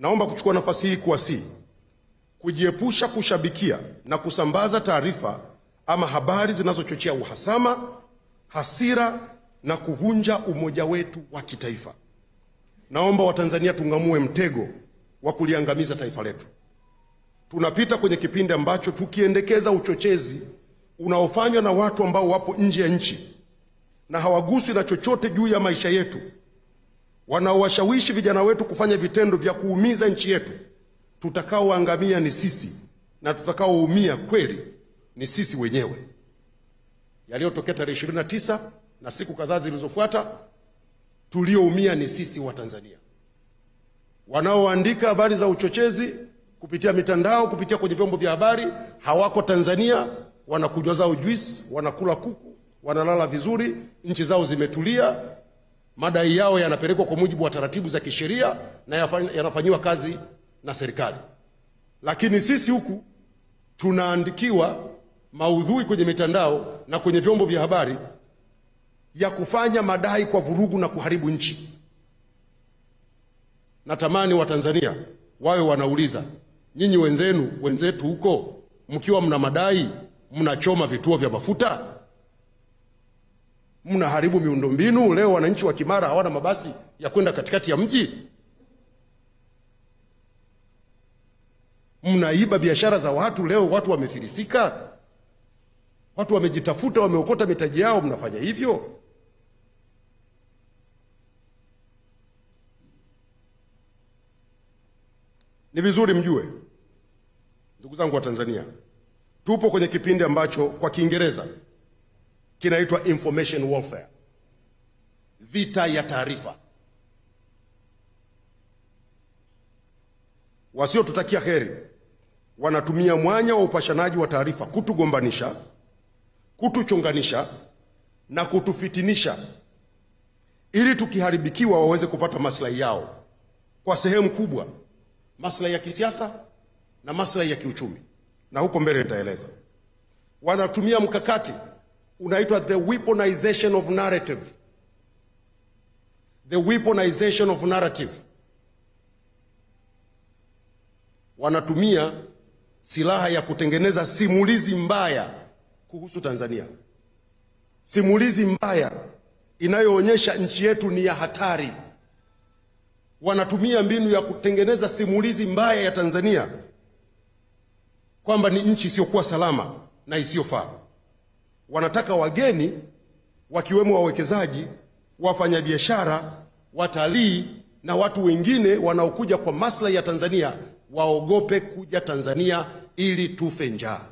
Naomba kuchukua nafasi hii kuwasihi kujiepusha kushabikia na kusambaza taarifa ama habari zinazochochea uhasama, hasira na kuvunja umoja wetu wa kitaifa. Naomba Watanzania tung'amue mtego wa kuliangamiza taifa letu. Tunapita kwenye kipindi ambacho tukiendekeza uchochezi unaofanywa na watu ambao wapo nje ya nchi na hawaguswi na chochote juu ya maisha yetu wanaowashawishi vijana wetu kufanya vitendo vya kuumiza nchi yetu, tutakaoangamia ni sisi na tutakaoumia kweli ni sisi wenyewe. Yaliyotokea tarehe 29 na siku kadhaa zilizofuata, tulioumia ni sisi Watanzania. Wanaoandika habari za uchochezi kupitia mitandao, kupitia kwenye vyombo vya habari, hawako Tanzania, wanakunywa zao juisi, wanakula kuku, wanalala vizuri, nchi zao zimetulia madai yao yanapelekwa kwa mujibu wa taratibu za kisheria na yanafanyiwa kazi na serikali. Lakini sisi huku tunaandikiwa maudhui kwenye mitandao na kwenye vyombo vya habari ya kufanya madai kwa vurugu na kuharibu nchi. Natamani Watanzania wawe wanauliza, nyinyi wenzenu wenzetu huko mkiwa mna madai mnachoma vituo vya mafuta Mnaharibu miundombinu. Leo wananchi wa Kimara hawana mabasi ya kwenda katikati ya mji. Mnaiba biashara za watu. Leo watu wamefilisika, watu wamejitafuta, wameokota mitaji yao, mnafanya hivyo. Ni vizuri mjue, ndugu zangu wa Tanzania, tupo kwenye kipindi ambacho kwa Kiingereza kinaitwa information warfare, vita ya taarifa. Wasiotutakia heri wanatumia mwanya wa upashanaji wa taarifa kutugombanisha, kutuchonganisha na kutufitinisha ili tukiharibikiwa waweze kupata maslahi yao, kwa sehemu kubwa maslahi ya kisiasa na maslahi ya kiuchumi, na huko mbele nitaeleza. Wanatumia mkakati unaitwa the weaponization of narrative, the weaponization of narrative. Wanatumia silaha ya kutengeneza simulizi mbaya kuhusu Tanzania, simulizi mbaya inayoonyesha nchi yetu ni ya hatari. Wanatumia mbinu ya kutengeneza simulizi mbaya ya Tanzania kwamba ni nchi isiyokuwa salama na isiyofaa wanataka wageni wakiwemo wawekezaji, wafanyabiashara, watalii na watu wengine wanaokuja kwa maslahi ya Tanzania waogope kuja Tanzania ili tufe njaa.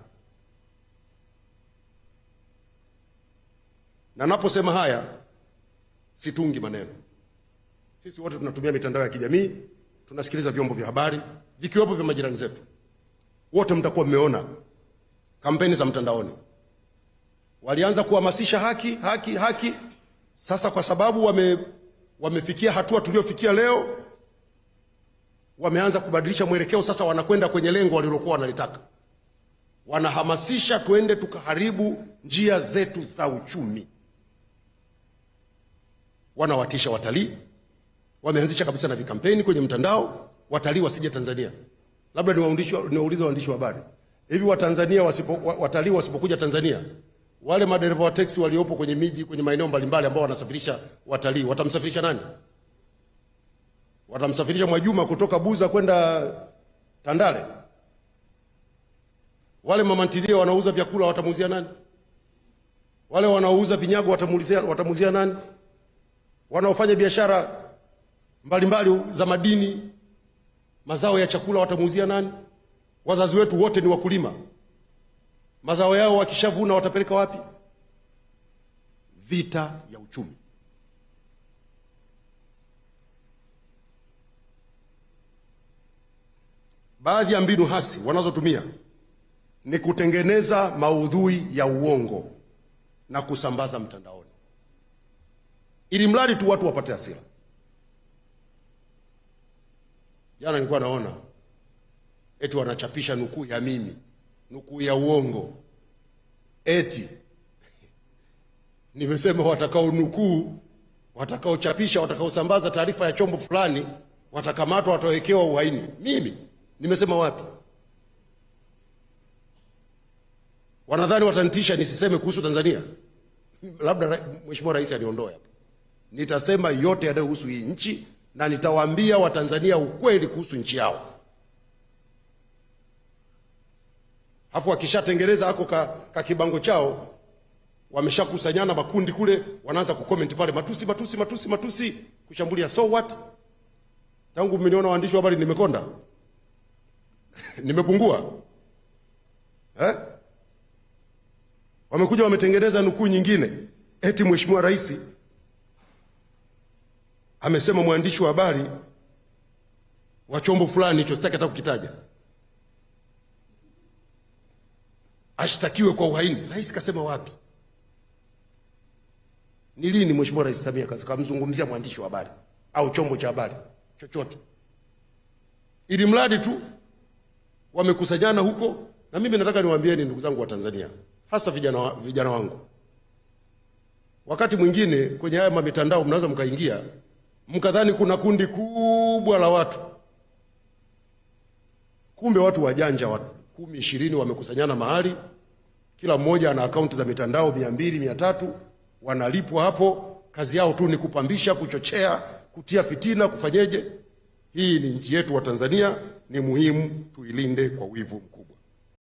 Na naposema haya situngi maneno. Sisi wote tunatumia mitandao ya kijamii, tunasikiliza vyombo vya habari vikiwepo vya majirani zetu. Wote mtakuwa mmeona kampeni za mtandaoni walianza kuhamasisha haki haki haki. Sasa kwa sababu wame, wamefikia hatua tuliofikia leo, wameanza kubadilisha mwelekeo. Sasa wanakwenda kwenye lengo walilokuwa wanalitaka, wanahamasisha twende tukaharibu njia zetu za uchumi. Wanawatisha watalii, wameanzisha kabisa na vikampeni kwenye mtandao, watalii wasije Tanzania. Labda niwaulize waandishi wa habari, hivi watanzania wasipo, watalii wasipokuja Tanzania wale madereva wa teksi waliopo kwenye miji, kwenye maeneo mbalimbali ambao wanasafirisha watalii, watamsafirisha nani? Watamsafirisha Mwajuma kutoka Buza kwenda Tandale? Wale mamantilia wanauza vyakula watamuuzia nani? Wale wanaouza vinyago watamuuzia watamuuzia nani? Wanaofanya biashara mbalimbali za madini, mazao ya chakula watamuuzia nani? Wazazi wetu wote ni wakulima. Mazao yao wakishavuna watapeleka wapi? Vita ya uchumi. Baadhi ya mbinu hasi wanazotumia ni kutengeneza maudhui ya uongo na kusambaza mtandaoni, ili mradi tu watu wapate hasira. Jana nilikuwa naona eti wanachapisha nukuu ya mimi nukuu ya uongo eti nimesema watakao watakaochapisha, watakaosambaza taarifa ya chombo fulani watakamatwa, watawekewa uhaini. Mimi nimesema wapi? Wanadhani watanitisha nisiseme kuhusu Tanzania? Labda Mheshimiwa Rais aliondoe hapo. Nitasema yote yanayohusu hii nchi na nitawaambia Watanzania ukweli kuhusu nchi yao. Alafu wakishatengeneza hako ka, ka kibango chao wameshakusanyana makundi kule, wanaanza kucomment pale matusi matusi matusi matusi, kushambulia. So what? Tangu mmeniona waandishi wa habari nimekonda nimepungua eh? Wamekuja wametengeneza nukuu nyingine, eti Mheshimiwa Rais amesema mwandishi wa habari wa chombo fulani hicho, sitaki hata kukitaja. ashtakiwe kwa uhaini. Rais kasema wapi? Ni lini Mheshimiwa Rais Samia kamzungumzia mwandishi wa habari au chombo cha habari chochote? Ili mradi tu wamekusanyana huko. Na mimi nataka niwaambieni ndugu zangu wa Tanzania, hasa vijana, vijana wangu, wakati mwingine kwenye haya mamitandao mnaweza mkaingia mkadhani kuna kundi kubwa la watu, kumbe watu wajanja watu kumi ishirini wamekusanyana mahali, kila mmoja ana akaunti za mitandao mia mbili mia tatu wanalipwa hapo. Kazi yao tu ni kupambisha, kuchochea, kutia fitina, kufanyeje. Hii ni nchi yetu wa Tanzania, ni muhimu tuilinde kwa wivu mkubwa.